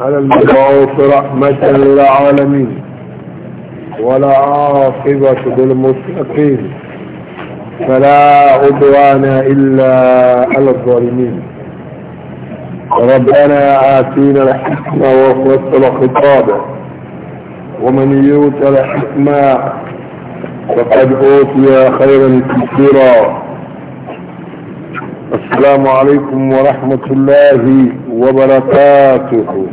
على المبعوث رحمة للعالمين ولا عاقبة للمتقين فلا عدوان إلا على الظالمين ربنا آتينا الحكمة وفصل خطابه ومن يؤت الحكمة فقد أوتي خيرا كثيرا السلام عليكم ورحمة الله وبركاته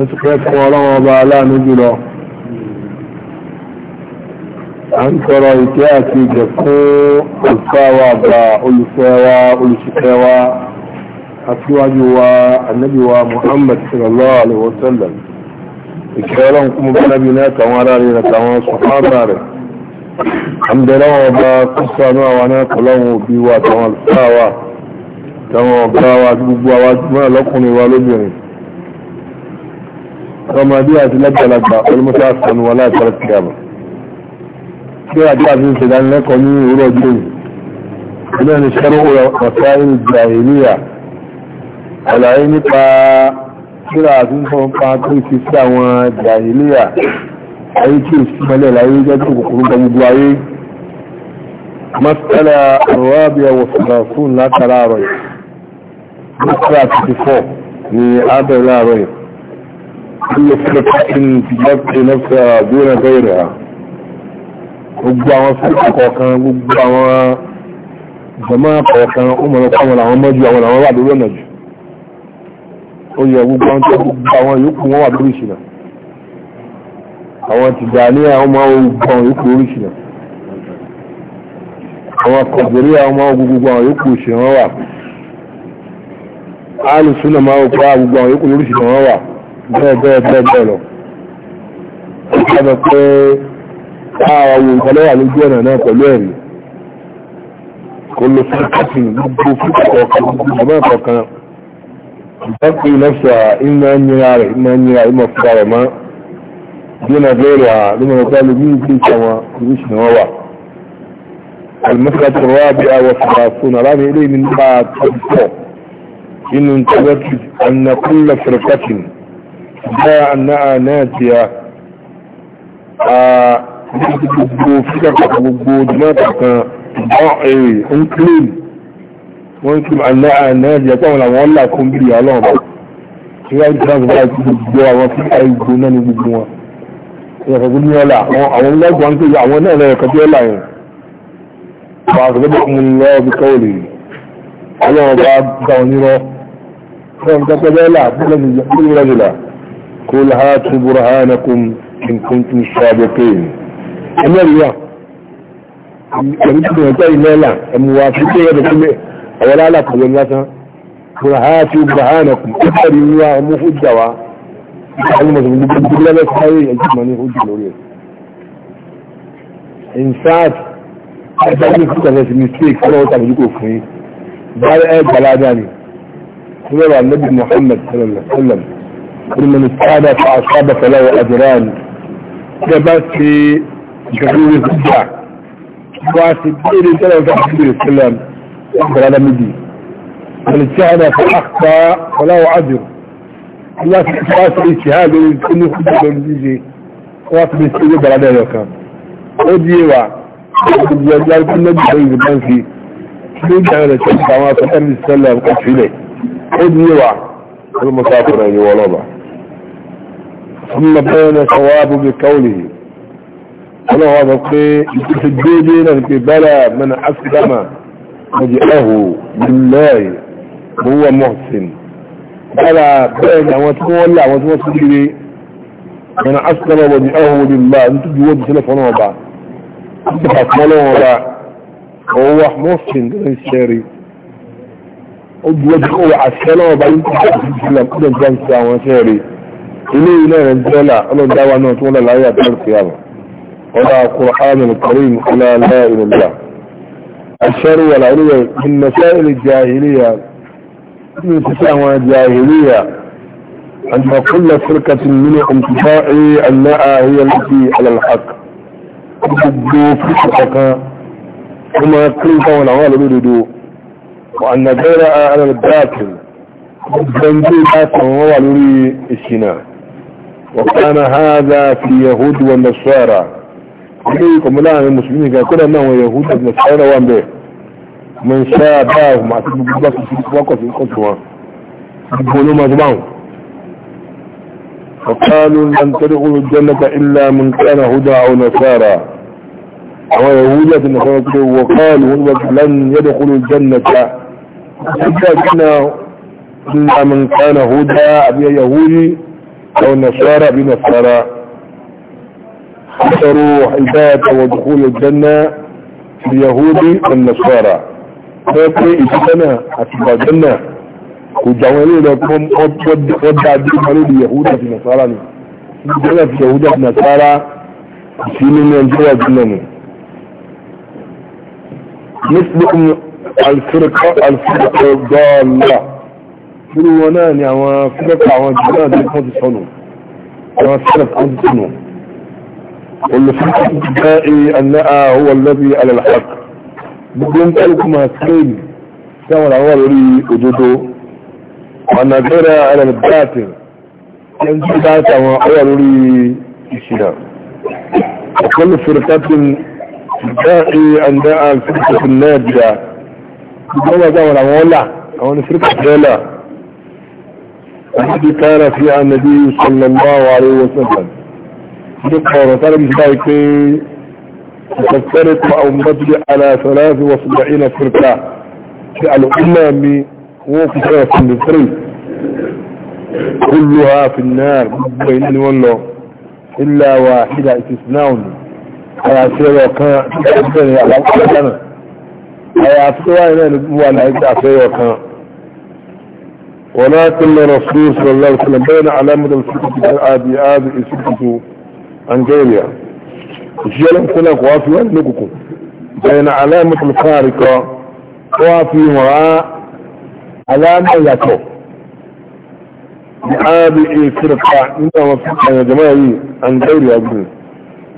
àtúkẹ́kọ̀ọ́ ọlọ́wọ́ ọba aláàánú jùlọ à ń tọrọ ìkẹ́ àti ìjẹ̀ fún olùfẹ́wà àgbà olùfẹ́wà olùṣìkẹ́wà aṣíwájú wa annabi wa muhammad sallallahu alaihi wa sallam ìkẹ́ ọlọ́run kúmọ̀ bá nábi náà tàwọn ará rẹ̀ tàwọn rẹ̀ ọmọdé àti lẹ́gbẹ̀lẹ́gbà olùmọ́sá sanu wà láìpẹ́rẹ́ ti gàmù tí ó àti àti ìṣẹ̀dánilẹ́kọ̀ọ́ ní òwúrọ̀ jùlọ ilé ẹni ṣẹ́rọ ọ̀sá ìlú jàìníyà àlàyé nípa kíra àti ìfọ̀n pa tó ti sí àwọn jàìníyà ayé tí ò sí mọ́lẹ̀ láyé jẹ́ tó kòkòrò gba gbogbo ayé mọ́sálà ọ̀rọ̀ àbíyà wọ̀sọ̀rọ̀ fún látara àrọ̀ yìí mọ́sálà كل فرقة تبقي نفسها دون غيرها gbogbo àwọn fúnkà kọ̀ọ̀kan gbogbo àwọn jọmọ́ kọ̀ọ̀kan ó mọ̀rọ̀ pàwọn àwọn mọ́jú àwọn àwọn wà lórí ọ̀nà jù ó yẹ gbogbo àwọn tó gbogbo àwọn yòókù wọn wà lórí ìṣìnà àwọn tìjà ní àwọn ọmọ gbogbo àwọn bẹ́ẹ̀ bẹ́ẹ̀ bẹ́ẹ̀ bẹ́ẹ̀ lọ ọ̀pọ̀ pé káàwọ̀ nǹkan lọ́wà lójú ọ̀nà náà pẹ̀lú ẹ̀rí kò lè fún kàtì gbogbo fúkọ̀ kan ọmọ ẹ̀kọ́ kan ìtọ́pẹ́ ìlọ́sọ̀ iná nyira rẹ̀ iná nyira ìmọ̀ fúra rẹ̀ mọ́ dínà bẹ́ẹ̀rẹ̀ à lọ́mọ ẹ̀kọ́ lè أن كل فرقة báyà náà náà ti a gbogbo fíjà kọ̀kọ̀ gbogbo jùmọ́ta kan ìbọn èrè eh, ń kílìm wọ́n kí náà náà jẹ́ pọ̀ làwọn ńlá kún bí ọlọ́ọ̀bá tí wọ́n ti sáà bá ti gbogbo àwọn fíjà ìgbò náà ní gbogbo gbà onírọ́ wọ́n ń tẹ́tẹ́ bẹ́ẹ̀ là bí قل هاتوا برهانكم إن كنتم صادقين أنا اليوم يمكن أن تقول لا لا هذا كله أولا لا تقول الناس قل هاتوا برهانكم أكثر من الله مفجوة in fact ẹgbẹ́ni fún ọ̀sẹ̀ mistake ọlọ́wọ́ tàbí kò fún yí bá ẹgbẹ̀lá dáni kúrò rà nabi Muhammad sallallahu alaihi wasallam لمن اجتهد فأصاب فله أجران جبت جبير الزجاع واسد بير جلال جبير السلام أخر على مدي من اجتهد فأخطى فله أجر الله سبحانه اجتهاد كل خطة يجي واسد يستجيب على ذلك كان وديوا يجعل كل نبي بين زبان فيه يجعل الشيخ كما تقرر السلام قد في ليه وديوا المسافر أيها الله ثم بين ثواب بقوله أنا هذا القي يتسجدين القبلة من أسلم وجهه لله هو محسن بلا بين وتولى وتوسجري من أسلم وجهه لله انت جود سلف ونوبا انت فاسمال ونوبا وهو محسن الشيري وجهه عسلم وبعدين تحسن سلم كده جنسة ونشيري ilé ilé rẹ̀ jẹ́ là ọlọ́dáwà náà tó wọ́n láyé àtàrí àwọn ọlá kùrọ̀hánà karim ọlá كما يقولون فهنا هو الولدو وأن جيرا على الباكل بجنجي باكل هو الولي الشناء وكان هذا في يهود والنصارى عليكم لا المسلمين قال كل ما هو يهود والنصارى وان به من مع سبب بالبس في وقت القدوة يقولوا ما جمعهم فقالوا لن تدخلوا الجنة إلا من كان هدى أو نصارى هو يهود النصارى وقالوا لن يدخلوا الجنة إلا من كان هدى أبي يهودي أو النصارى بنصارى خسروا عبادة ودخول الجنة اليهود والنصارى فكي إجتنا حسب الجنة وجعلوا لكم ودع ديمانو اليهود في نصارى الجنة في يهود في نصارى في من ينزل الجنة مثلكم الفرقة الفرقة الضالة nínú wọn náà ni àwọn kúrẹ́pù àwọn jùlọ àti ẹ̀kọ́ ti sọnù àwọn sẹ́lẹ̀ kan ti sọnù olùfẹ́kọ̀ ti jẹ́ ẹ̀yẹ àná àwọn ọlọ́bí alẹ́lẹ́hàk gbogbo ń kọ́ lókùn máa sẹ́yìn tí àwọn àwọn lórí òdodo ọ̀nà gẹ́rẹ́ alẹ́lẹ́bàtì ẹni tí bá tàwọn ọwọ́ lórí ìṣìnà ọ̀kọ́ lè fẹ́rẹ̀ kápín jẹ́ ẹ̀yẹ àná àwọn fẹ́rẹ̀ kápín náà jìyà gbogbo wọn àwọn àwọn ọlà àwọn fẹ́rẹ̀ kápín náà التي كان فيها النبي صلى الله عليه وسلم ذكر ترى بايكي تفترق أمتي على ثلاث وسبعين فرقة في الأمم وكثيرة في المصري كلها في النار بين والله إلا واحدة استثناء على سيرة كان على أمتنا على سيرة وكان ولكن الرسول صلى الله عليه وسلم بين علامة الفتنة العادي هذه الفتنة عن غيرها الشيء لك وافي ونقكم بين علامة الفارقة وافي وراء علامة يكو هذه الفرقة إنما فتنة يا جماعي عن غيرها بني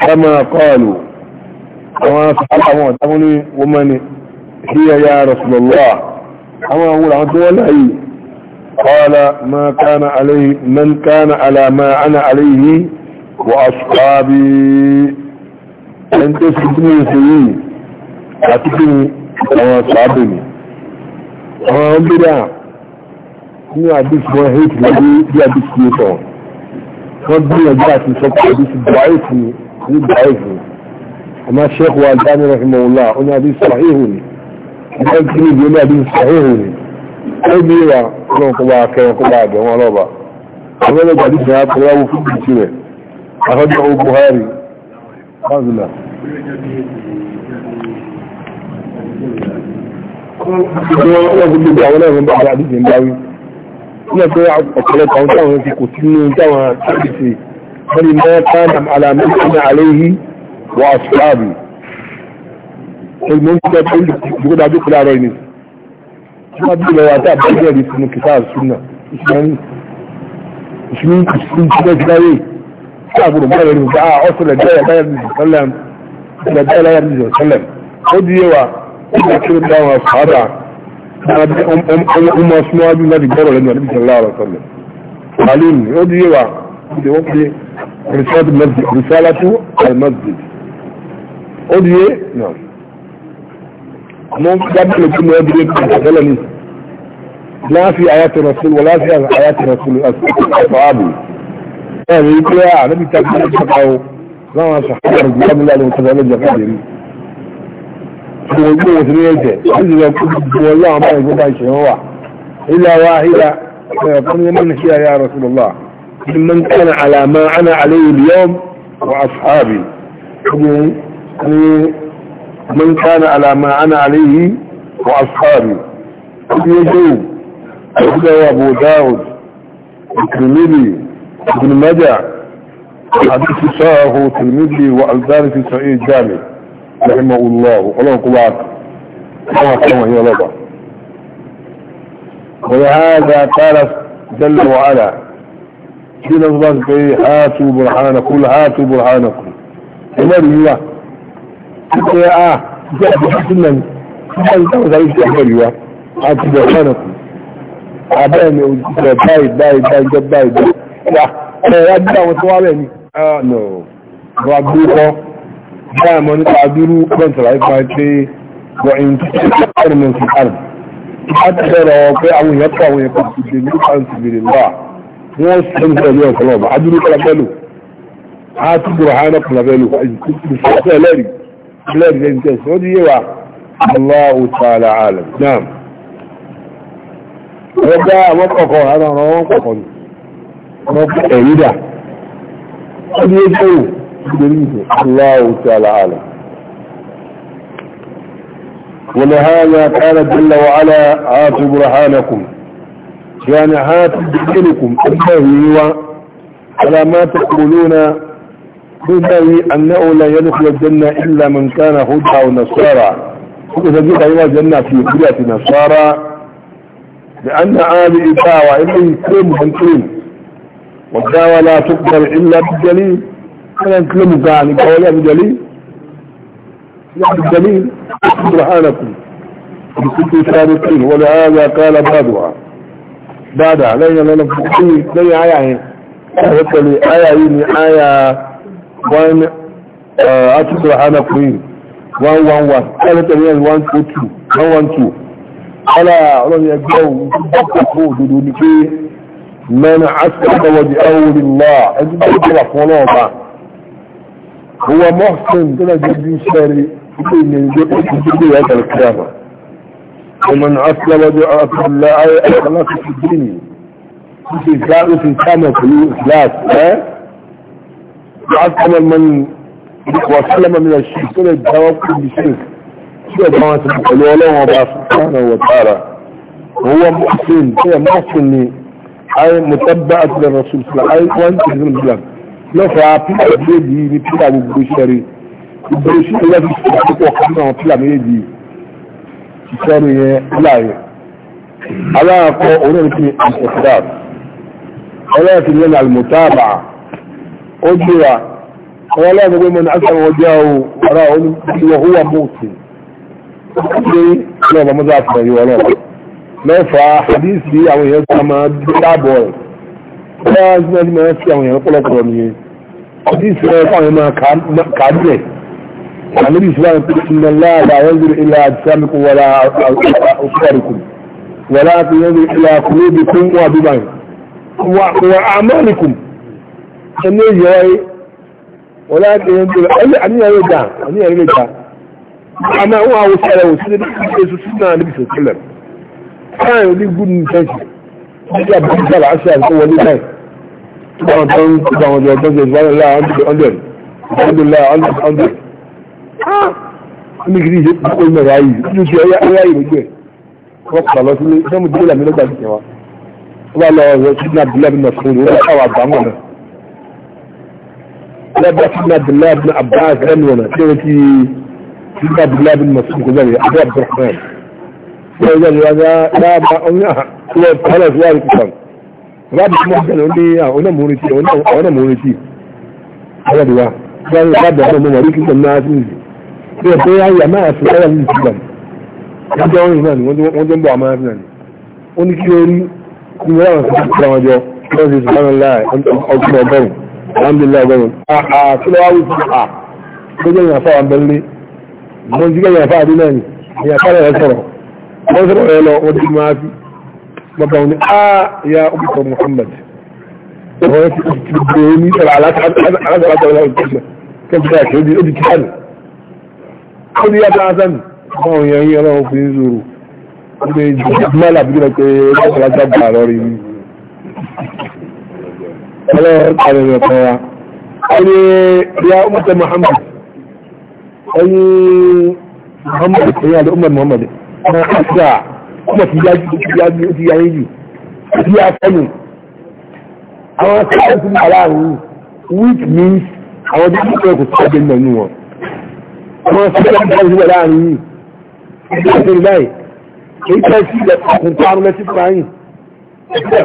كما قالوا كما سألهم وتمني ومن هي يا رسول الله كما أقول عن دولة قال ما كان عليه من كان على ما انا عليه واصحابي انت سجني سيدي اتبني وانا صابني وانا بدا هو عبد الوهيد الذي في عبد السيطان فضل الجاس مصدق عبد السيطان هو ضعيفني اما الشيخ والداني رحمه الله انا عبد السيطان صحيحني انا عبد السيطان صحيحني ẹbí wa ọlọ́run kó bá kẹrin kó bá àbẹ̀ wọn lọ́ba ọlọ́run gbàdí ìgbà pẹ̀lú àwọn fún ìtì rẹ̀ àfẹ́jọ́ owó Buhari fásitì Ilé pé ọ̀pọ̀lọpọ̀ àwọn táwọn ti kò sí ní táwọn ṣáàbìsì wọ́n ni mọ́ káàdàm alamẹ́sìnà àléhí wà ṣùgbàbì. Ẹgbẹ́ ń tẹ́ pé ìgbódájú kúrò àárọ̀ ìnìyàn kuma bi da wata bangare da sunu kitab sunna islami musulmi kusurin cikin gidaye ta gudu mara yari da a wasu da daya bayar da sallam da daya bayar da sallam ko da yawa ina kiran da wa sahaba na bi umma suna bi na digoro da nabi sallallahu alaihi wasallam alim ko da yawa da wani risalatu masjid risalatu al masjid مو قبل اللي كنا يدري هذا لا في آيات الرسول ولا في آيات الرسول أصحابي يعني يقول يا نبي تعالى تقعوا لا ما شاء الله رضي الله عنه تعالى جبريل يقول يقول ثنيه جاء هذا يقول الله ما يقول ما يشاء هو إلا واحدة يقول من هي يا رسول الله من كان على ما أنا عليه اليوم وأصحابي من كان على ما أنا عليه وأصحابي يجوب ابن أبو داود الترمذي ابن مجع حديث شاهه الترمذي وألدان في سعيد الجامع رحمه الله الله قبعك الله كما يا لبا ولهذا قال جل وعلا في نظرك هاتوا برهانكم هاتوا برهانكم عمر الله sai a ji a cikin nan kan kan zai shi a riwa a ci da kana ku a bai mai da bai bai bai da bai da ya ko ya da wasu wabe ni ah no ba bi ko ba mun ta duru ban ta rai ba ce wa in ta min su ar hatta da rawa kai an ya ka wani ka su بلاد بنت السعودية الله تعالى عالم نعم ربا وقفوا هذا وقفوا ربا ايدا قد يجعوا الله تعالى عالم ولهذا قال جل وعلا عاتوا برهانكم كان يعني هاتوا بدينكم الله على ما تقولون بنتي أنه لا يدخل الجنة إلا من كان هدى أو نصارى كنت سجد أيها الجنة في قرية نصارى لأن آل إباء وإليه كلم هنكين والدعوة لا تقبل إلا بالدليل أنا أكلم ذلك ولا بدليل لا بالدليل سبحانكم بكل شاركين ولهذا قال بعدها بعدها لين لنفسي لين لا آية آية آية آية one article hana queen one one one ẹlẹ́tẹ̀ ní ẹ̀rọ one two two one one two ọlá ọlọ́run ẹgbẹ́ òun tó kó òdodo ni pé mẹ́rin àti ọ̀pọ̀lọpọ̀ di ẹ̀rọ ní lọ́ ẹgbẹ́ tó wà fún ọlọ́run bá owó mọ́sùn tó náà jẹ́ bí iṣẹ́ rí ilé ìyẹn ìjọ tó ti dúró ẹ̀ kẹ̀lẹ́ kí a bá ومن أسلم دعاء الله أي أخلاص في الدين في إسلام في إسلام في إسلام وعسلم من وسلم من الشرك ولا يتوقف بالشرك شو دعوة الله له وضع سبحانه وتعالى هو محسن هي محسن أي متبعة للرسول صلى الله عليه وسلم أي وانت تزن بلان لا فعبي أبيدي نبتلع بالبشري البشري لا في سبحانه وقعنا وطلع ميدي شاري لا على قول أولئك الإخبار ولكن لنا المتابعة ó gbéra àwọn aláàbò pé mọ̀nà àti àwọn ọjọ́ o ara òun ti wọ húwà mọ́ọ̀tì ṣe lọ́ọ̀bà mọ́tò àfihàn yìí wọ́n náà mẹ́fà àdíìsì àwọn èèyàn tó máa dáàbọ̀ rẹ̀ bá jíjẹ́ máa fi àwọn èèyàn pọ̀lọpọ̀ nìyẹn àdíìsì rẹ̀ fáwọn máa kà á bẹ̀ àníbi ìsìláàmù pé iná láàbà àwọn ìlú ilẹ̀ àtìsámikù wọlá òkúrìkù wọlá àti ìlú ilẹ̀ àkùnrin ibi kún wà bíbáyìí wà àmọ́nìkùn ẹni èyí ọ̀rẹ́ wọ́n láti ẹni tó ẹni àníyàn lè dà àníyàn lè dà àmà wọn àwọn òṣèré òṣèré ní ìgbésẹ̀ èso sí náà níbi sọ̀tẹ́lẹ̀ káàrin ní good intention wọ́n ti àbúrò sára àṣẹ àti wọn ní báyìí tó bá wọn tó ń tó bá wọn jọ tó ń jẹ ìwádìí láà hundred hundred hundred láà hundred hundred ní kìí ṣe kókó ní ọ̀rọ̀ ayé ní abúlé àbí nàfún òní wọ́n àgbà mọ̀ náà لابد من عبد الله بن عباس غنونا كيرتي من عبد الله بن مسعود كذلك أبو عبد الرحمن كذلك هذا لا ما أنا هو خلاص لا يكفر رابع محسن يقول لي أنا مونتي أنا أنا مونتي هذا دوا قال رابع أنا مونتي من نسمي يا بيا يا ما أسمع ولا من wọ́n jẹ́ ìmọ̀ ni wọ́n jẹ́ ń bọ̀ àmọ́ ẹ̀fẹ́ ni ó ní kí ló rí ní wọ́n àwọn ìfẹ́ alhamdulillah gbọ́dọ̀ àà kí ló wá wí fún à tó jẹ́ ìyàfá wa bẹ́lẹ́ mo ń jíkẹ́ ìyàfá àdúrà ni ọlọ́run kàrẹ̀ rẹ̀ fún wa ẹni ya umarta muhammad ẹni muhammad ẹni àdó umar muhammad na kásá umar ti yájú ti yáyé jù ti yá sẹ́nu àwọn sáyẹn fún aláàrùn weak means àwọn tó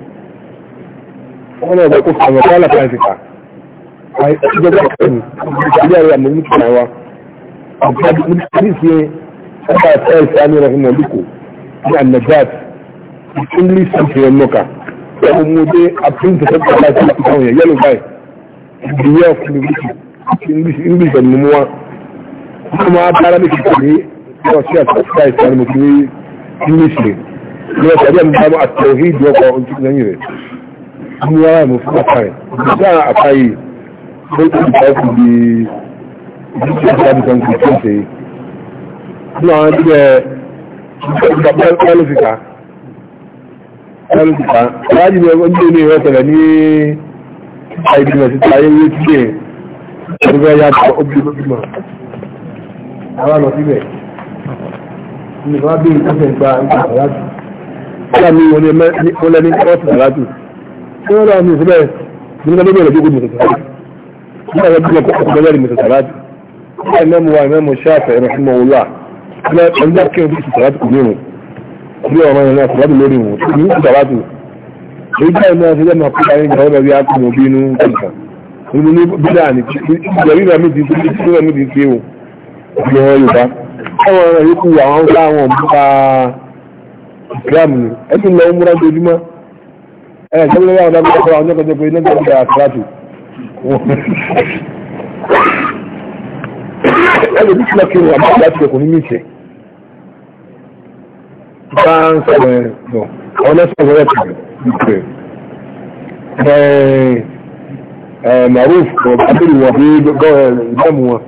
wọ́n lọ kó fàwọn tó alákàá ìfìkà ìjọba kẹ́yìn ìjọba rẹ̀ àmì ní kìnnà wa àti àdìsí ẹ̀ka ẹ̀ka ẹ̀ka ní ọ̀rọ̀ ìmọ̀ lùkù ní ànàgbàt english century ọ̀nọ́ka ẹ̀kọ́ mú dé àpíntì sẹ́kọ̀ọ́ láti ìlú àwọn èèyàn yẹ́lò báyìí ìdíyẹ́ ọ̀fun lùkù english english ẹ̀mú mú wa wọ́n máa bára ní kìkà ní ọ̀sẹ̀ ní ara ìmọ̀ fún àpá rẹ̀ ìgbà àpá yìí ló ti ìgbà kù bí ìdí tí ìgbà nìkan kù tó ń ṣe ní àwọn ẹgbẹ́ ìgbà pálífìkà pálífìkà aláàjì ní ọgbọ́n ní ilé ìrẹsẹ̀lẹ̀ ní ìgbà ìdìbò sí ayé wí tí lè ẹgbẹ́ ya tó ó bí mọ́ àwọn lọ síbẹ̀ ní ìgbà bí ìgbà ìgbà ìgbà ìgbà ìgbà ìgbà ìgbà ìgbà ìgbà wọ́n lọ ní ìsìlẹ̀ nígbà tó bẹ̀rẹ̀ jókòó mùsùlùmí nígbà tó bẹ̀rẹ̀ kọ́kọ́ tó bẹ̀rẹ̀ mùsùlùmí nígbà mẹ́mu wa mẹ́mu ṣáfẹ̀ ẹ̀rọ̀ṣinmọ̀ wọlá ọjọ́ kí n fi sùtàlátì kò nírun bí ọ̀rọ̀ yẹn náà sùtàlátì lórí wọn tó ní sùtàlátì èyí báyìí náà ṣe lẹ́mọ̀ pípa ní ìgbà ọ̀rọ̀ bí a kò mọ̀ bí inú kankan nínú ní bídà ní ìgbà rírà mi ti fi ìgbà mi ti fi wọn ìgbà wọn Yorùbá àwọn ọ̀rọ̀ yìí kú àwọn ọ̀gá àwọn ọ̀gbà Islam ni ẹ ti lọ múra ẹ̀ jẹ́gbẹ́ yàwó dábí ọkọ̀ àwọn ọjọ́ pé iná jẹ́ àtìláàtì ẹ̀lẹ́ bí sílẹ̀ kiri àmọ́ àti ẹ̀kọ́ ní mìíṣẹ́ bá ń sọ̀rọ̀ ẹ̀ lọ àwọn ọlọ́sọ̀rọ̀ ẹ̀ kàrẹ̀ ìpè ẹ̀ maruf ọ̀bábìrì wọ̀ bí ìdẹ́mu wọn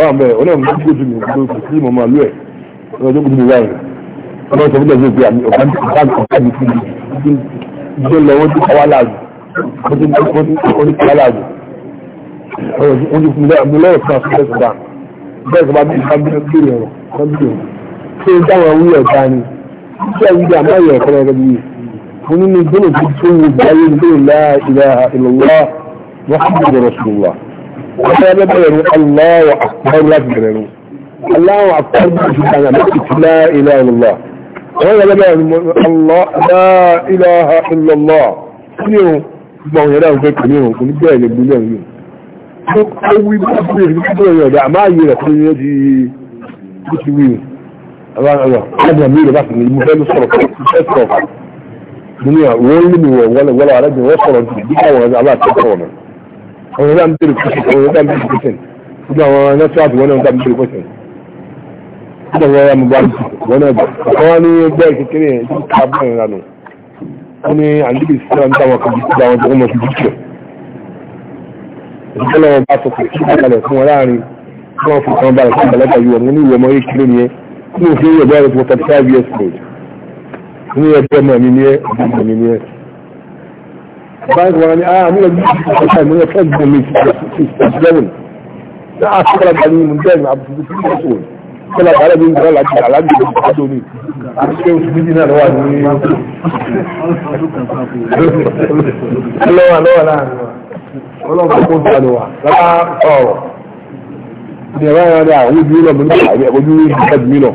wọ́n bẹ̀ ọlọ́run tó gbójú mi gbogbo kò sí ìmọ̀ màálù ẹ̀ ọlọ́run tó gbójú mi wáyé ọlọ́run tó gbójú mi gbé lọ wọ́n dúkọ̀ wá láàjù wọ́n dúkọ̀ wá láàjù wọ́n dúkọ̀ mú lọ́wọ́ kan fún ẹ̀sùn dà bẹ́ẹ̀ kọ́ bá bí ìfà bí bí rẹ̀ wọ́n bí rẹ̀ tí ó dáwọn wí ọ̀gá ni tí a wíjà máa yẹ ẹ̀kọ́ rẹ̀ bí mo ní ní gbọ́dọ̀ tó tó wù báyé ní bẹ́ẹ̀ lá ilẹ̀ ìlọ́wọ́ muhammadu rasulullah wọ́n yẹ bẹ́ẹ̀ rẹ̀ aláwọ̀ àkọ́rọ̀ láti bẹ̀rẹ̀ rẹ̀ aláwọ̀ àkọ́rọ̀ láti bẹ̀rẹ̀ rẹ̀ wọ́n yẹ lẹ́gbẹ̀ẹ́ ni Allah la ilaha illallah ní o gbọ́n yẹn dáhùn fẹ́ kìíní o kò ní bẹ́ẹ̀ lè gbúlẹ̀ yìí ó wí bí ó bèèrè ní kíkọ́ yẹn ọ̀dà àmá yìí rẹ̀ fún da wọ́n mú bá wọ́n ẹ̀bà àwọn ní ẹgbẹ́ kékeré yẹn tí ká bọ́ ìrìn lánà wọ́n ní àdúgbò sílẹ̀ ń táwọn kan jíjẹ́ àwọn tó mọ̀ sí jíjẹ́ ìjọba wọn bá sọkò sí ìkàlẹ̀ fún wọn láàrin tí wọ́n fi kan balẹ̀ fún àgbàlagbà yìí wọn ní ìwé ọmọ yìí kéré nìyẹn tí mo fi ń yọ̀bọ̀ ẹ̀rọ forty five years old ní ẹgbẹ́ ọmọ mi ní ẹ ọmọ mi ní ẹ. báyìí wọn ni ah mi ò ní ìfọ̀kàtà mi ò fẹ́ gbọ́n mi sí kọ́lá bàálẹ̀ bí ìgbà láti àlájì ló ti tó ní ṣé oṣù méjì náà lọ́wọ́ ní ọlọ́wà lọ́wà láàrin ọlọ́wà kó ń sọ̀rọ̀ wà lára ọ̀rọ̀ ní ẹ̀rọ ẹ̀rọ rẹ̀ àwọn ojú ìlọ̀ mọ́lẹ́ àwọn ojú ìjọba jù mí lọ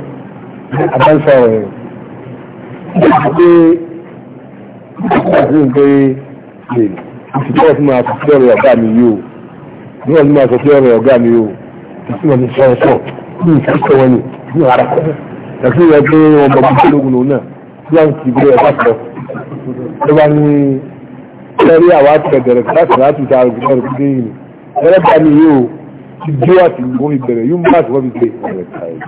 àbáńsọ rẹ̀ pé àti pé oṣù tó ọ̀sùn máa sọ sí ọ̀rọ̀ ọ̀gá mi yìí o ní ọ̀sùn máa sọ sí ọ̀rọ̀ ọ̀gá mi yìí o ìsúnmọ̀ mi sọ̀rọ̀ sọ̀rọ̀ bí nǹkan kọ wọn ni bí wọn ara kọ lọsí ìyá pé wọn bọ bíi ológun lòun náà bí wọn ti gbé ẹ̀fà sọ ló bá ní sẹ́rí àwa tẹ̀gẹ̀rẹ̀ láti láti ta àgùnbọ̀ rẹ̀ gbé yìí ẹ̀rẹ́ bá mi yóò ti gbé àti wọ́n fi bẹ̀rẹ̀ yóò má ti wọ́n fi gbé ọ̀rẹ́ káyé.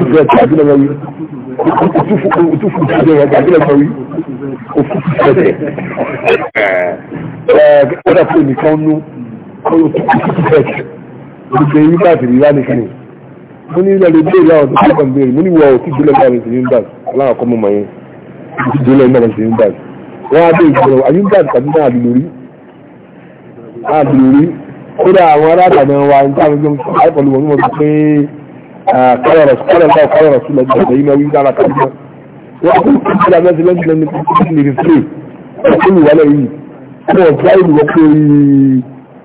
Ìjọba ti àbílẹ̀ wọn wí. Òtúfù ti àbílẹ̀ wọn àbílẹ̀ wọn wí. Òtúfù ti ẹ̀jẹ̀. Ẹ̀ẹ́dà fún ẹnìkan nú. Òtúfù ti ẹ̀jẹ̀ olùgbé yìí káàkiri ìlà nìkan ni mo ní ilẹ̀ lójú ìlà ọ̀dọ́ tó kàn béèrè mo ní wọ òkú ìdílé náà ti yín báàgì aláàkọ́ mọ̀ mọ̀ yẹn òkú ìdílé náà ti yín báàgì wọ́n á bẹ̀rẹ̀ ìgbọ̀rọ̀ ayé ń báàgì tàbí náà lórí náà lórí kódà àwọn arábàdà wa ń táwọn ọjọ́ àìpọ̀lù wọn wọ́n pé kọ́lọ̀rọ̀ kọ́lọ̀rọ̀ kọ́lọ̀rọ̀ sílẹ̀ ìgbàgbọ́ yìí máa wí dára kan náà wọ́n kú kọ́lọ̀rọ̀ mẹ́sì lẹ́sì lẹ́nu kí ní rí fún un wọ́n kú wọlé yìí wọ́n kú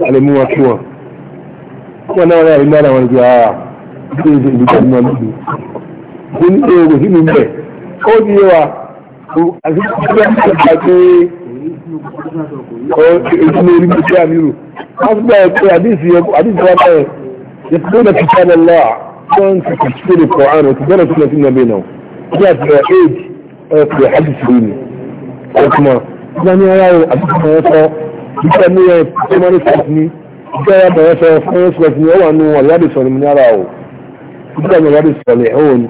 alẹ́mú ah, wa kí wọn wọn náà rẹ̀ ìmọ̀ àwọn ìgbà àà bí i ìlú tó mọ̀ lóbi ó ní èrò sí mi bẹ̀ ó di wa àti ìgbà tí ó bá pé èyí ní orí mi tí a nílò wọ́n ti bẹ̀rẹ̀ pé àdìsí wa bẹ̀rẹ̀ yẹtùdó na fi sábà lọ wọ́n ti kò sí ní kọ̀ àrùn ti bẹ̀rẹ̀ sílẹ̀ sí ní ẹbí náà bí a ti rẹ̀ éèdì ẹ̀ pé àdìsí mi ọkùnrin wọn ni ara àdìsí wọn sọ ìjọ mú ẹ primary school ní ìjọ ya bẹ̀rẹ̀ sọ fún ẹ̀sùn ní ọwà nù ọ̀lẹ́dì sọ̀rọ̀ mi nára o ìjọ mi ọ̀lẹ́dì sọ̀rọ̀ ẹ̀ òun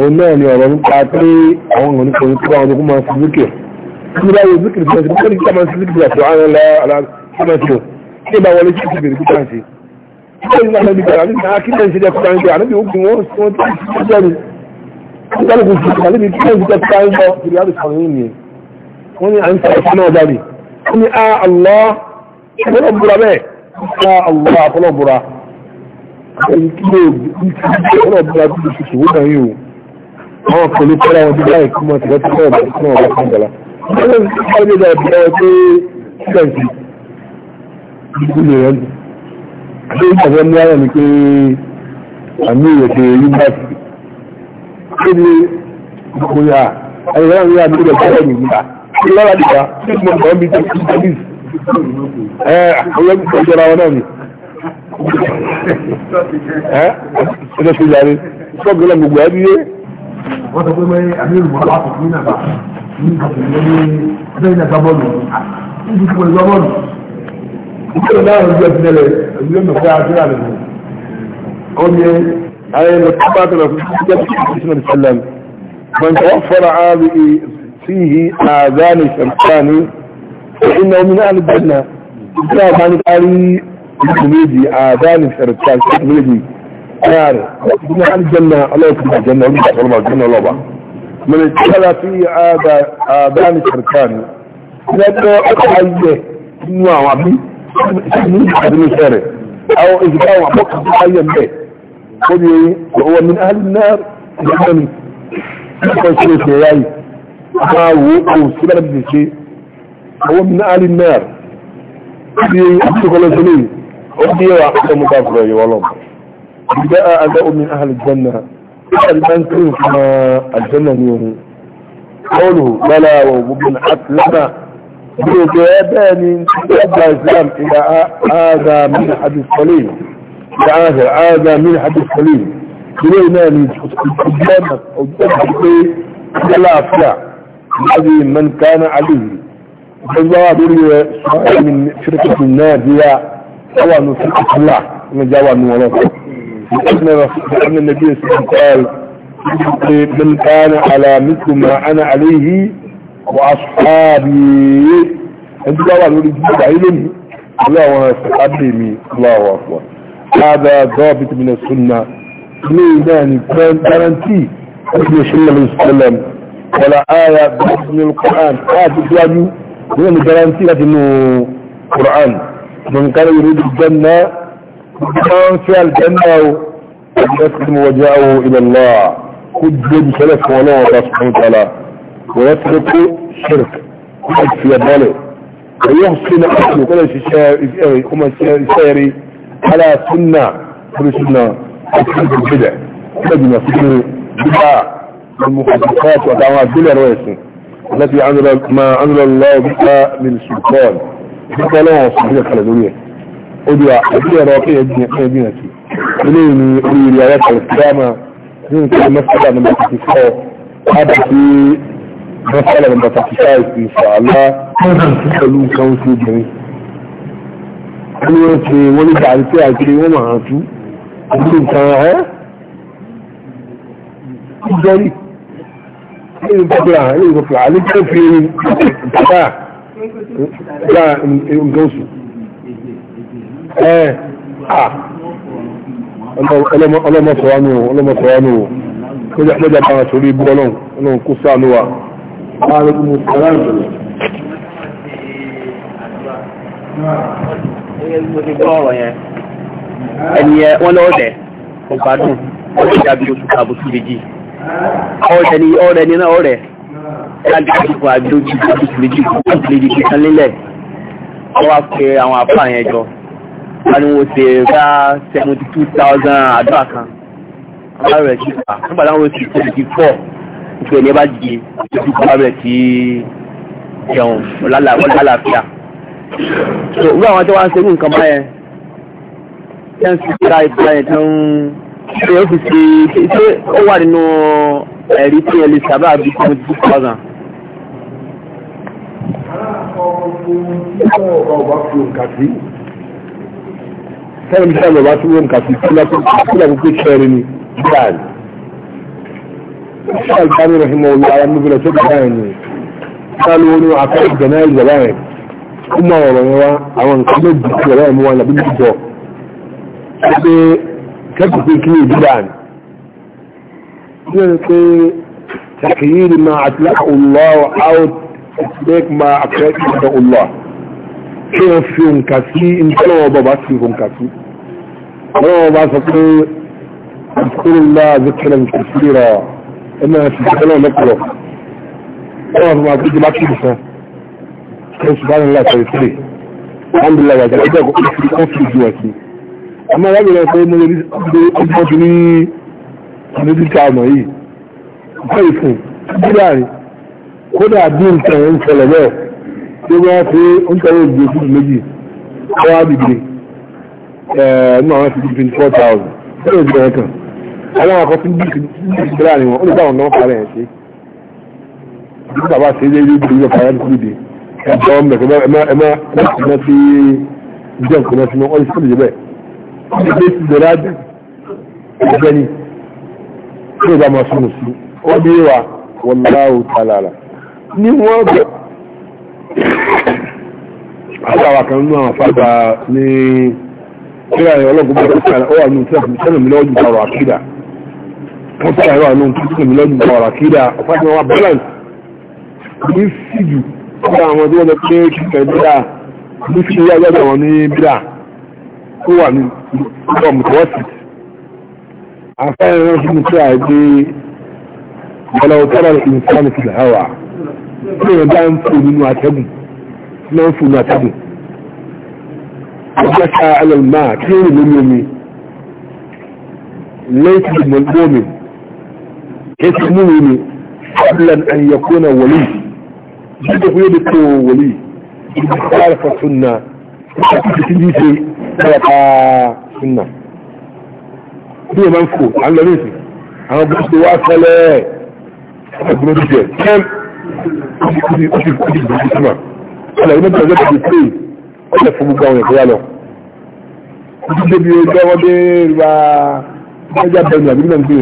òun náà ni ọ̀rọ̀ nípa pé àwọn ọ̀nà nípa nípa àwọn ọdún máa ń fi lókè ní báyìí zikiri fún ẹsẹ̀ nípa nípa máa ń fi lókè àti àwọn ọ̀la aláàkíyèsí ní ìbá wọlé kí ìbèrè kí káàsì nígbà yìí náà nígbà àti akíyèsí dẹ́kun kan jẹ́ ànábì ogun wọn tí wọ́n ti ń sọ́ọ̀rù nígbà lókun fún ànábì kí wọ́n ti dẹ́kun kan jọ ìrìn àdìsọ̀rọ̀ yìí nìyẹn wọ́n ní à ń sọ̀rọ̀ fún náà dáre ní a Allah ọ̀pọ̀lọ̀ búra bẹ́ẹ̀ a Allah ọ̀pọ̀lọ̀ búra ọ̀pọ̀lọ̀ búra bí i ṣùgbọ́n náà yìí o àwọn pẹ̀lú pẹ́lá wọn bí báyìí kí wọ́n ti rẹ́ tẹ́lẹ̀ ọ̀bẹ̀ tí wọ́n bá fún ìgbàlá ọ̀pọ̀lọ̀ búra bí i pé ṣẹ́ǹtì ìgbìlẹ̀ rẹ̀ ní ṣé ìgbàgbọ́ ní ara ni pé àmì ìrẹ̀kẹ̀ yìí bá ti ṣe ní ìgbòyà lára nìkan tí mo mọ̀ mi tó kí jẹ́bí ẹ̀ àwọn ẹgbẹ́ tó jọra wọn náà ni ẹ̀ ọjọ́ tó yàrá sọ́ọ̀gì náà gbogbo ẹ̀ níye. wọ́n sọ pé mẹ́rin àbílẹ̀ mọ́ àpò fún nàbà ní àpèjọ ní ọjọ́ ìlẹ̀ gbábọ́ọ̀lù níbi tí mo lè gbábọ́ọ̀lù. ìṣòro náà ń jẹ́ ìpínlẹ̀ ìlú mẹ́fẹ́ àdúrà rẹ̀ mọ́. ó ní ayẹyẹ lọ sí bá فيه آذان شمسان فإنه من أهل الجنة إسلام عن قاري الحميدي آذان شمسان الحميدي قال من أهل الجنة الله يكتب الجنة الله يكتب الجنة الله من اتخل فيه آذان شمسان لأنه أقعيه إنه عبي أو إجباء وحبك حيا به قل هو من أهل النار يحمل كيف يعيش أو سبب الجزء هو من اهل النار في أسفل الزمين أبدي وعقد مضافرة والله بداء أداء من أهل الجنة الآن كن كما الجنة نيوه قوله بلا وابن أطلما بجيبان تبدا الإسلام إلى آذى من حد الصليم إلى آخر آذى من حد الصليم بلينا نيجي الجنة أو الجنة لا أفلاح الذي من كان عليه فالله يقول سؤال من شركة النادية سواء من شركة الله من جوا من ورقه لأن النبي صلى الله عليه وسلم قال من كان على مثل ما أنا عليه وأصحابي أنت جوا يقول جوا علمي الله وأصحابي الله أكبر هذا ضابط من السنة من يعني كان كارنتي أبي صلى الله عليه وسلم ولا آية من القرآن آية تسواجه هي مجرانتية إنه قرآن من كان يريد الجنة كان في الجنة ويسلم وجهه إلى الله كجد سلف ولو الله سبحانه وتعالى ويترك الشرك كجد في يباله ويحسن أصله كل الشيري على سنة كل سنة وكل البدع كل سنة بدعة والمخالفات وتعوى بلا الرئيس التي عمل ما عمل الله بها من سلطان بقى له وصحية الحلدوية ادعى ادعى راقية دينتي ادعى أدعي ادعى الإسلامة دين ادعى مسألة من الاتفاق هذا في مسألة من الاتفاق إن شاء الله ادعى ادعى في ادعى أنا ادعى ولد على ادعى ادعى وما ادعى أقول كان ها ادعى ní ìpapòlà ní ìpapòlà ní tó fi ìpapà gba nǹkan oṣù ẹ̀ à ọlọ́mọsọ̀wánú ọlọ́mọsọ̀wánú lọ́jà bá sórí ibú ọlọ́run ọlọ́run kó sáà ló wà ẹni ẹ wọ́n lọ́ọ̀dẹ̀ ọ̀gbádùn ọjọ́ ìjábí oṣù kàbùsù méjì ọ̀rẹ́ ni ọ̀rẹ́ ni náà ọ̀rẹ́ lágbàjúkọ àdójú méjì kan lélẹ̀ ọwá pé àwọn àfà yẹn jọ ariwo ti rá 72,000 àdúrà kan ọlọ́rẹ̀ sí pa nígbà táwọn ti 74 ìfẹ́ ní bá di ojú kan rẹ̀ sí jẹun lálàáfíà so wúwo àwọn tó wá ń serú nǹkan báyẹn 10 sí ìlà ìbáyẹn tó ṣe ó fi ṣe ṣe o wà nínú ẹ̀rí tí ẹ lè sábà bí fún two thousand. sẹ́yìn bí sábà bá wọ́n kà sí kí lọ́pọ̀ pé kẹrin ni bíláàlì. ṣé àgbáyé rẹ̀ mọ̀ ara níbi lọ́sẹ̀ bí báyìí ni sálọ wọn ni àfẹ́ ìgbẹ̀nà ìjọba rẹ̀ kó mọ̀ ọ̀rọ̀ wá àwọn nǹkan méjì tí ọ̀rẹ́ mi wà lábí níjọ. ṣé kẹ́kọ̀ọ́ pé kí ni ìdílà ni ṣe ń pé takiyiri ma atlaqa Allah out make ma akẹ́kọ̀ọ́ Allah kí wọ́n fi òǹkà sí ìtọ́lọ́wọ́ bàbá sí òǹkà sí ọlọ́wọ́ bá sọ pé àtúrùlá zikran kìsìrà ẹ̀nà ìṣẹ̀lẹ̀ lẹ́kọ̀ọ́ ọlọ́wọ́ bá kú jẹ́ bá kí nìkan kí wọ́n sì bá nílá ìṣẹ̀lẹ̀ sílẹ̀ alhamdulillah wàjẹ́ ẹgbẹ́ ọkọ̀ ìṣẹ̀lẹ̀ kọ́fì ju ẹ̀sìn àmọ́ wọ́n bẹ̀rẹ̀ pé mo lè rí ọjọ́ tó ní àdójútà ọmọ yìí ọ̀pọ̀ ìfún kódà rí kódà bí nǹkan ń ṣẹlẹ̀ bẹ́ẹ̀ tí wọ́n fi ń tẹ̀wé ìgbé fún méjì ọwọ́ àbìgbé ẹ̀ẹ́dùn àwọn ti di twenty four thousand bẹ́ẹ̀ ìgbé wọn kàn àwọn àkọsí bí ìgbéra ni wọn ó lè bá àwọn náà parẹ́ ẹ̀ ṣe bí bàbá ṣe lé lórí ìgbé parẹ́ ní kúlìdì ẹ̀jọ̀ mẹ̀kẹ́ ẹ̀mẹ́ ẹ̀mẹ́ ẹ̀mẹ́ ti jẹ́ nǹkan mẹ́sìn náà wọ́n ti ọdún tó ti bẹ̀rẹ̀ àjò ọ̀gbẹ́ni tí ó bá máa fún un sí ọdún yíwa wọn láwù tààlà ní wọ́n bẹ̀ àgbàwà kan nínú àwọn àfàgbà ní kíra ẹ̀ ọlọ́gbọ́n bá ti kàlà ó wà nínú tí a fi sẹ́nà mi lọ́jù ọ̀rọ̀ àkídà wọ́n tẹ́lẹ̀ ẹ̀rọ àwọn ohun tó sẹ́nà mi lọ́jù ọ̀rọ̀ àkídà ọ̀pá ti wọ́n wá balance ní síjù ọ̀pá àwọn tó wọ́n lọ pé kíkẹ́ bídà ní sí ọjọ́ àwọn ní bídà tó wà ní ọ̀pọ̀ mùtọ́wọ́sìtì àfáàrin náà sí mùtọ́ àìdí bọ́lá ọ̀tọ́rọ̀ ìnsáni fi hàwà tí wọ́n bá ń fò nínú atẹ́gùn náà ń fò nínú atẹ́gùn ọjọ́ ká alẹ́lmá tí ó rìn lórí omi lẹ́yìn tí mo gbọ́ mi kéèkì mú mi ni fadlan an yakuna wali jíjẹ́ kúrò dé tó wali ìdí sáà fọ́tún náà ó ṣàkóso sí bẹ́ẹ̀ pa sunna bí o máa ń fò à ń lọ ní ìsìn àwọn bó ṣe wá fẹ́lẹ́ ọgbọ́n tó jẹ kẹ́m ó ti kú ìgbà tó sùnà ọ̀là ìlú bẹ̀rẹ̀ lọ́dọ̀ tó pè ó lè fún gbogbo àwọn ẹ̀kọ́ yá lọ. ojú débi gbọ́wọ́ dé ra ẹja bẹ̀rù àbí nígbà gbé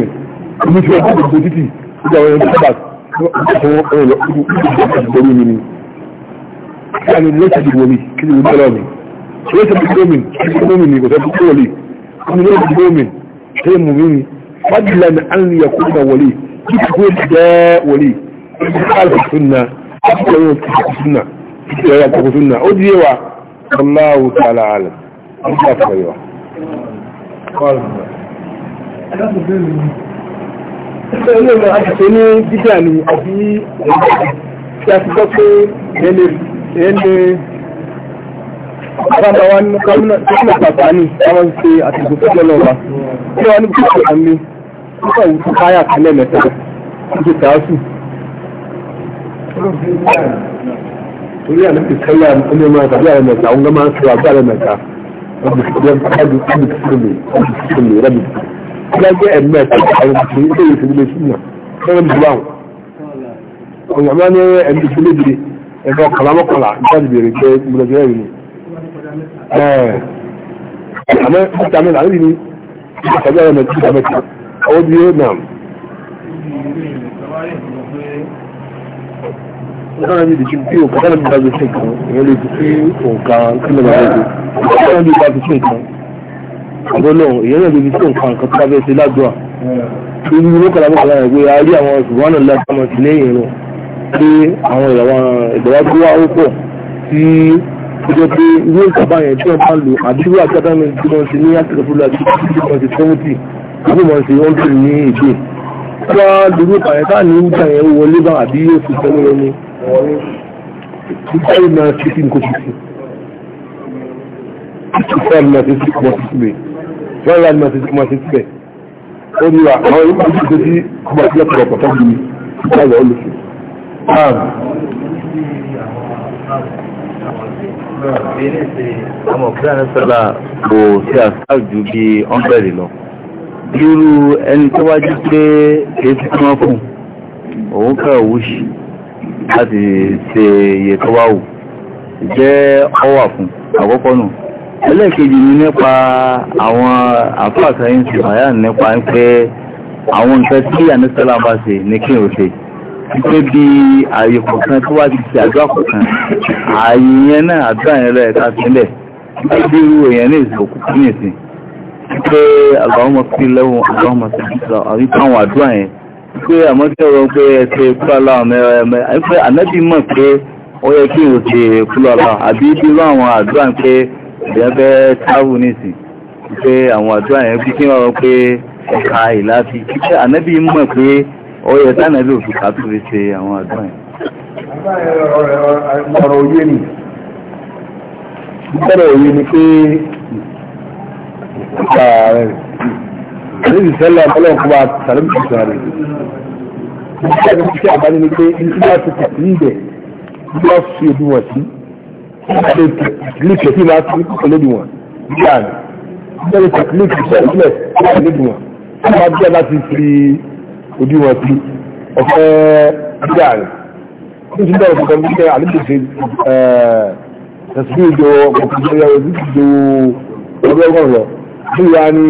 omi tí wọ́n kọ́ gbogbo títì ó gbà wọ́n sábà fún ọ̀rọ̀ lọ́dún ìgbà tó gbogbo mi ni. kí ni lọ́sẹ̀ ìdìbò mi kí ni mo bẹ̀rẹ̀ mi. ليس بالمؤمن المؤمن يقول هذا ولي من ليس بالمؤمن هي المؤمن فضلا أن يكون ولي كيف يكون جاء ولي قال في السنة أفضل يوم في السنة في السنة أدري الله تعالى عالم الله تعالى قال ilé ìwé àṣìṣe ní dídà ni àbí ẹ̀yìn tí a ti gbọ́ pé ẹni àbáta wa ní gómìnà pàtàkì táwọn ń ṣe àtìgbò fún ọlọ́ọ̀bá tí wọ́n ní bùkún àmì nípa òun tó káyà kálẹ̀ mẹ́ta níbi tààsù. orí àná ti káyà ọmọ ọmọ àgbàdo àrẹ mẹ́ta òun gbọ́n máa ń sọ àgbà àrẹ mẹ́ta ọdún ìṣẹ̀lẹ̀ ọdún ìṣẹ̀lẹ̀ ọdún ìṣẹ̀lẹ̀ rẹ̀bì. ọlọ́gbẹ́ ẹ̀mẹ́ta àwọn ìṣẹ̀lẹ̀ ilé ìṣẹ̀lẹ̀ ìṣẹ̀lẹ̀ lọ́wọ́ mi wà ọ̀yàmọ́ ní ẹ̀mí ìṣẹ̀lẹ̀ ìṣẹ̀lẹ̀ ẹ̀rọ kàlámọ́kàlá ìṣẹ̀lẹ̀ ìbẹ̀rẹ̀ jẹ́ mọ̀lẹ́jọ́ ẹ̀rìn Eh. àmọ́ ìta mẹ́ta àrí ni ìpàdé ọ̀nà ìta mẹ́ta ọwọ́ bí ó nà ọ̀gá mi dìkí bí òkú ọ̀gá mi bá ti ṣe nǹkan ìyẹn lè fi sí òǹkà kílẹ̀ bá lè ọ̀gá mi bá ti ṣe nǹkan àbọ̀ náà ìyẹn náà lè fi sí òǹkà nǹkan tó bá fẹ́ ṣe ládùúà tí ní mọ́kànlá mọ́kànlá rẹ̀ pé a rí àwọn ṣùgbọ́n náà láti ọmọ sí lẹ́yìn rẹ̀ pé àwọn ìyàwó ìdọ̀wá tó wá ó pọ̀ tí jẹ́ pé ilé ìjọba yẹn tí wọ́n bá lò àdúrà tí adámi tí wọ́n ti ní àtìkọ́ fúlà tí wọ́n ti sẹ́wọ́tì àbí wọ́n ti wọ́n bèrè ní èdè. tí wọ́n lórí ìpààyàn tá ní ìjà yẹn wọlé bá àbí yóò fi sẹ́nu lọ ní. ìjà yìí máa fi sí nǹkan tuntun. ìjà yìí máa fi sí nǹkan tuntun bẹ́ẹ̀. ìjà yìí máa fi sí nǹkan tuntun bẹ́ẹ̀. ó ní àwọn ìgbà tó ti àmọ́ kí láti sọ́la kò ṣe àṣàrò ju bí ọ̀nbẹ̀rẹ̀ lọ irú ẹni tó wájú pé kìí sí kí wọ́n fún òun kẹ́ òwúṣì láti ṣe iye tó wá wù jẹ́ ọwà fún àkọ́kọ́ nù ẹlẹ́ẹ̀kejì ni nípa àwọn àfáàkà yìí ń ṣe àyà nípa pé àwọn nǹkan tí àníṣẹ́lá bá ṣe ní kí n ò ṣe pé bí ààyè kọ̀ọ̀kan tó wá ti ti àdúrà kọ̀ọ̀kan ààyè yẹn náà àdúrà yẹn lọ ẹ̀ka sílẹ̀ bí irú èèyàn ní ìsìn òkú ní ìsìn pé àgbàwọ́mọ sí lẹ́wọ̀n àgbàwọ́mọ sí ìsìn àrí táwọn àdúrà yẹn pé àmọ́ tí ọ̀rọ̀ pé ẹsẹ̀ kúlọ̀lá pé ànábì mọ̀ pé ó yẹ kí o ṣe kúlọ̀lá àbí bí irú àwọn àdúrà pé ìyá fẹ́ táwù ní ìsìn pé àwọn àdúrà yẹn bí kí wọ́n rọ pé ẹ̀ka ìlàfi pé ànábì mọ̀ pé ọyẹ tánà bí òkúta tó fi ṣe àwọn àdúrà yẹn. ọ̀rọ̀ òye ni ọ̀rọ̀ òye ni pé ìta rẹ̀ lórí ìṣẹ̀lẹ̀ ọlọ́ọ̀kúnbà sàlẹ́mù ìṣẹ̀lẹ̀ rẹ̀ ìṣẹ́ àti ìṣẹ́ àbáni ni pé ìṣẹ́ àti tẹ̀sí ibẹ̀ bí wọ́n fi ojú wọn sí ilé tẹ̀sí máa fi kókò lódì wọn nígbà ní ìṣẹ́ àti tẹ̀sí ìṣẹ́ ìṣẹ́ ìṣẹ́ ìṣẹ́ ìṣẹ́ ìṣẹ́ ìṣẹ́ ìṣẹ́ ojú wọn sí ọ̀fẹ́ dídá rẹ̀ ní ìṣúná ọ̀sẹ̀ kan nígbà àlejòṣe tẹ̀síbí ìjọ ọ̀pọ̀lọpọ̀ ìjọ ọgọ́rùn-ún lọ bí wá ní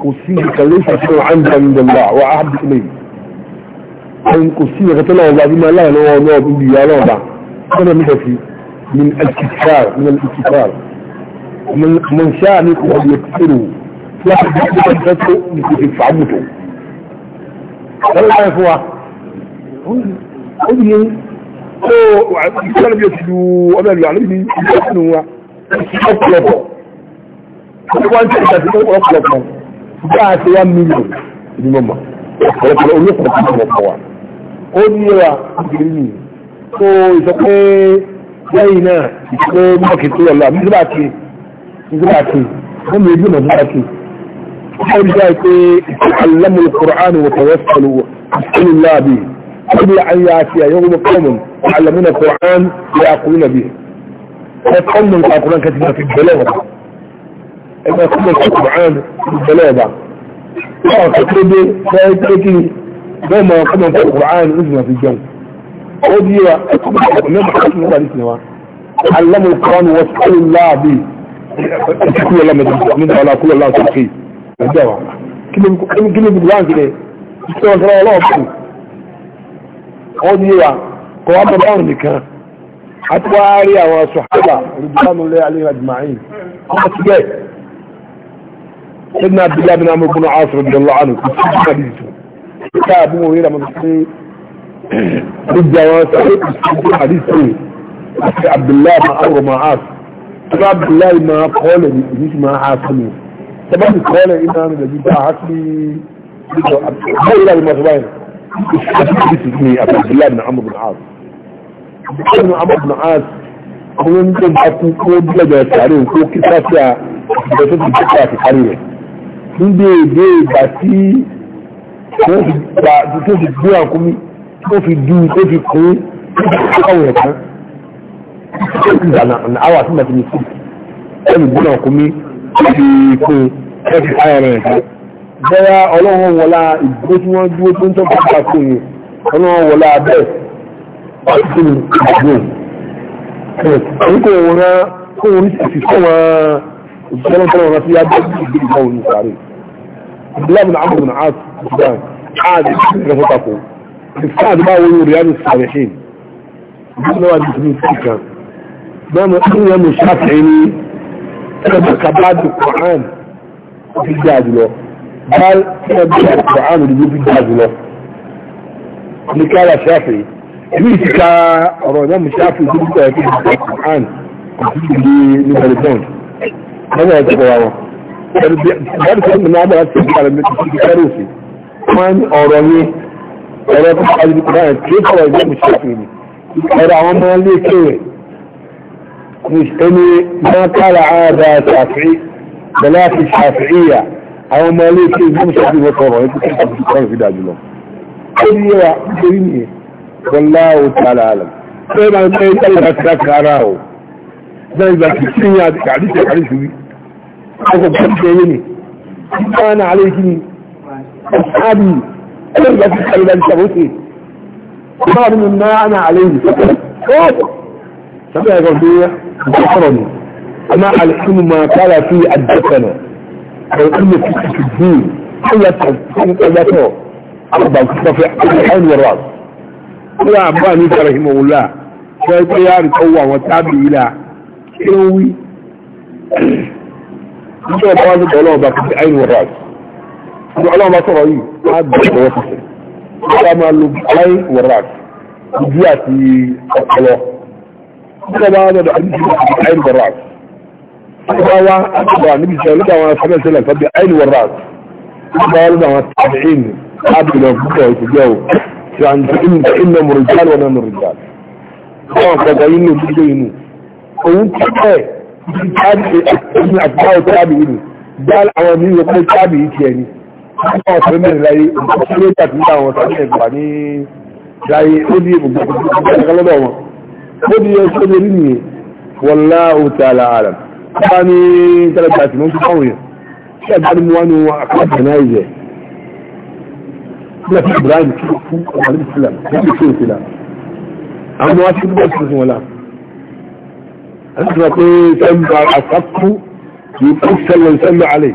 kò sí ìkàlẹ́ ìṣàfihàn àǹdà ìjọba wà á bí ilé kò sí ìrẹ̀tẹ́ náà wà nínú aláìlọ́wọ́ náà bí ìyá náà bá sọ́nà mi kẹfì من الكفار من الكفار من شانك أن lọ́wọ́ láì fún wa ó sì ní ó ìṣẹ́ àlẹ́bí òsì ju ọbẹ̀ ìlú àlẹ́bí ìṣẹ́ òsì nù wa ọ̀pọ̀lọpọ̀ ó wá ń tẹ̀ ìṣàtì ọ̀pọ̀lọpọ̀ bá a ṣe wá mílíọ̀n ní mọ̀mọ́ ọ̀pọ̀lọpọ̀ olóòpọ̀ tó mọ̀ fọ́ wa ó ní wa ìgbìrì nì tó ìṣọ pé lẹ́yìn náà ìṣọ́ mọ́ọ̀kì tó lọ́la mí قول ذلك تعلموا القرآن وتوصلوا بسم الله به قبل أن يأتي يوم قوم تعلمون القرآن ويعقلون به فقوم من القرآن كتبنا في البلاغة إذا قوم القرآن في البلاغة وكتب فيتكي دوما قوم في القرآن إذن في الجنة ودي علموا القرآن واسألوا الله به تكون لما تكون على كل الله تلقيه ẹgbẹ́ wa kí ni gbogbo wá ń sílẹ̀ ìṣẹ́ wọn sọ́rọ̀ ọlọ́ọ̀kùn àwọn ní wa kọ̀ wá bọ̀bọ̀ ọ̀rùn nìkan a ti wá rí àwọn sọ̀hábà olùdíjánulẹ̀ alẹ́ra jùmáyìn àwọn ti bẹ́ẹ̀ ṣẹ́dínà abdullahi bin amr bin asr radiyallahu anhu kò sí ìjọba di ìtù تبقى قال ان انا ده جيت عقلي هاي لا المصباين بسمي عبد الله بن عمرو بن عاص ابن عمرو بن عاص هو يمكن اكون كود لجا تعرف كو كتاسيا بس بتاع في حريه دي دي باتي ko fi gba tó fi gbé àkúmí tó fi dú tó fi kún ọwọ́ ẹ̀kan ìgbà náà àwà tí màtí ní sí ẹni gbé àkúmí láti kún ẹ̀fì ayẹ̀rẹ̀ ẹ̀ká bẹ́yà ọlọ́run wọlá ìgbó tí wọ́n dúró tó ń tọ́ pàtàkì àkóyè ọlọ́run wọlá bẹ́ẹ̀ ọdún ìgbó orúkọ wọn rán kó orí sì fún wọn ìgbẹ́lẹ́ tó wọn sí abẹ́ ìgbé ìgbà òní sáré ìgbìlẹ́bùn àmọ̀bùn àti ìgbàn àti ìgbẹ́ tó tako ìfẹ́ àdúgbà wọn yóò rí àmì sáré ṣe ìgbà náà wà ní ìgbà كما كبعد القرآن في الجاجلة بل كبعد القرآن اللي في الجاجلة اللي كان شافعي ليس كرونام شافعي في القرآن اللي نبالدون ماذا يتقوى بارك من عمر أتسكي على المتسكي كان أوراني أوراني أوراني القرآن كيف هو الإمام الشافعي أوراني أوراني كيف مجتمع ما قال عاد شافعي بلاك الشافعية او ماليك يجب شافعي وطوره يتكلم في داج الله كريوة كريمية والله تعالى عالم كيف عن كيف تلقى تلاك اراه زي ذاك السنية تعليش تعليش بي هذا بحب جايني انا عليك اصحابي كيف تتكلم عن شابوتي ما من ما انا عليه فقط فقط سبع غربية تحرمي أنا على كل ما قال في الدفنة أو كل في الدين حيا تحرمي أن أربع كتفة الحين والرأس يا أباني رحمه أنا شايف يا رتوى وتابي إلى شوي أنا أباني بلوه باك في عين والرأس أنا على ما ترى إيه هذا بلوه أنا أن مالو بعين والرأس وديا في الله lọ́wọ́ lọ́dọ̀ àdìsí àìlúwọ̀rán lọ́wọ́ àtàwọn àníbi jẹ́ lọ́dọ̀ àwọn afẹ́lẹ́ sílẹ̀ tàbí àìlúwọ̀rán lọ́wọ́ lọ́dọ̀ àwọn tàbíìn àbìlọ̀ púpọ̀ ìkùjẹ́ o tí a ń tẹ́ iná mùrùjál wọn nínú rùjál lọ́wọ́ kọ̀ọ̀kọ̀ inú gbígbé inú òun tẹ́ àtàwọn tàbí inú dáàl àwọn ní ìwé pé tàbí ìtì ẹni wọ́n fẹ́ mẹ́rin láyé òun tẹ́ ó di ẹjọ́ lórí nìyẹn wallahu ta'ala alam bá ní tẹ́lẹ̀gbà tí wọ́n ti fáwọn yẹn tí ẹ̀dá ni mo wá ní wọn àkọ́kọ́ náà yẹ nígbà tí Ibrahim kí ó fún ọmọ ní Islam wọ́n ti fi òsìlá àwọn ọmọ wa ti gbọ́ sí wọn lá àti sọ pé sẹ́mbà àsákú kì í kú sẹ́lẹ̀ sẹ́mbà alẹ́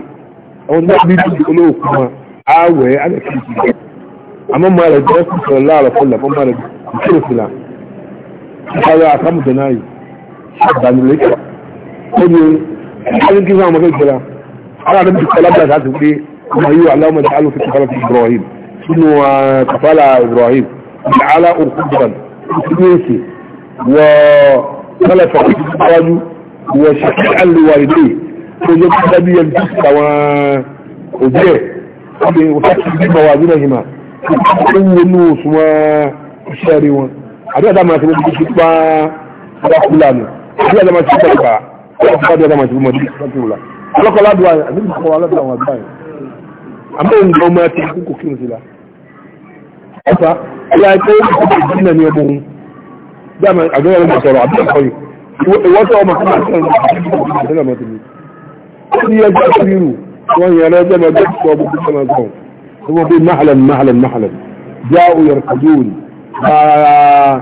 àwọn tó bí bí olóòkú wọn àwẹ̀ àdàkì ìgbà àmọ́ mọ́ rẹ̀ jẹ́ kùsọ̀ láàrọ̀ fọlá fọ́ mọ́ rẹ̀ kùsọ̀ òsìlá kaya a samu da nayi da ni lake ko ne halin kima ma kai kira ana da duk kalabda ta su kudi kuma yi alama da alu fi kafala ibrahim sunu wa kafala ibrahim ala urquban kudinsi wa kalafa araju wa shafi'an liwalidai ko je ku da biyan duka wa oje ko ne wata ki mawazina hima ko kun yi nusu ma shari'a àdúrà dáa máa ti wọ́n ti pa ọba kúlà ni àdúrà dáa máa ti pa ọba àdúrà dáa máa ti wọ́n ti pa ọba ọlọ́kọ̀ ládùá yẹn àbí ìkọ̀ aládùá wọn àgbà yẹn àmọ́ òun ni ọmọ ẹtì kókò kí n sì la ọ̀sà ẹ̀yà ẹ̀kọ́ ìdí náà ni ọmọ òun dáa máa àdúrà wọn sọ̀rọ̀ àbí ẹ̀kọ́ yìí ìwọ́ tó ọmọ kan àti ọmọ àti ọmọ tèmi ó ní ẹgbẹ́ ìrù wọn yẹn lọ́jọ́ ẹgbẹ́ ìfọ̀ gbogbo sọ́nà gan-an wọ́n bí mahalan mahalan mahalan jáwó yẹn kàdúrà فاد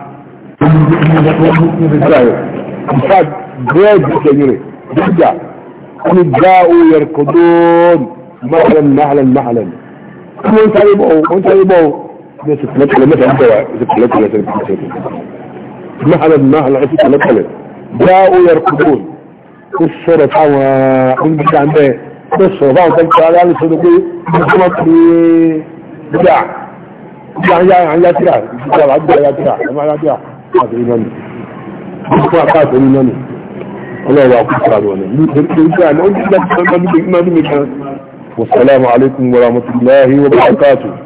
يركضون مهلا مهلا مهلا وانت يبقوا وانت يبقوا بس ثلاثة لما تعبوا مهلا مهلا عشت ثلاثة جاءوا يركضون الصورة طبعا انت عندها الصورة تلك على الصدقية بجمع بجاع يعني يعني يا ترى قال عبد يا ترى ما لا ترى هذا إيمان فقط إيمان ولا لا أفكر ولا الإنسان أنت لا ما ما والسلام عليكم ورحمة الله وبركاته